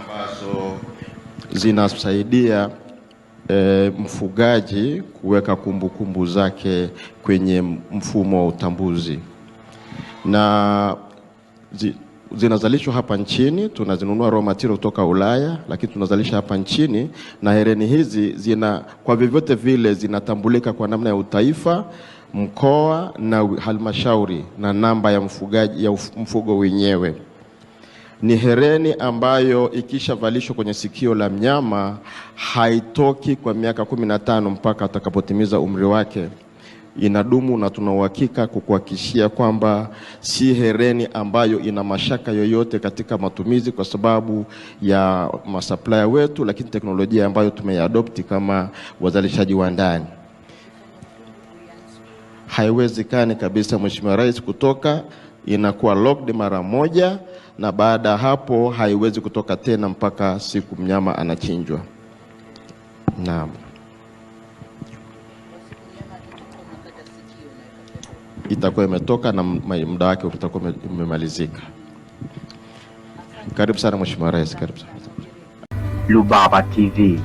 ambazo zinasaidia e, mfugaji kuweka kumbukumbu zake kwenye mfumo wa utambuzi na zi, zinazalishwa hapa nchini. Tunazinunua raw material kutoka Ulaya, lakini tunazalisha hapa nchini, na hereni hizi zina kwa vyovyote vile zinatambulika kwa namna ya utaifa mkoa na halmashauri na namba ya mfugaji ya mfugo wenyewe. Ni hereni ambayo ikishavalishwa kwenye sikio la mnyama haitoki kwa miaka kumi na tano mpaka atakapotimiza umri wake. Inadumu na tuna uhakika kukuhakikishia kwamba si hereni ambayo ina mashaka yoyote katika matumizi kwa sababu ya masupplier wetu, lakini teknolojia ambayo tumeadopti kama wazalishaji wa ndani haiwezekani kabisa, Mheshimiwa Rais, kutoka inakuwa locked mara moja, na baada ya hapo haiwezi kutoka tena mpaka siku mnyama anachinjwa. Naam, itakuwa imetoka na muda wake utakuwa umemalizika. Karibu sana Mheshimiwa Rais, karibu sana. Lubaba TV.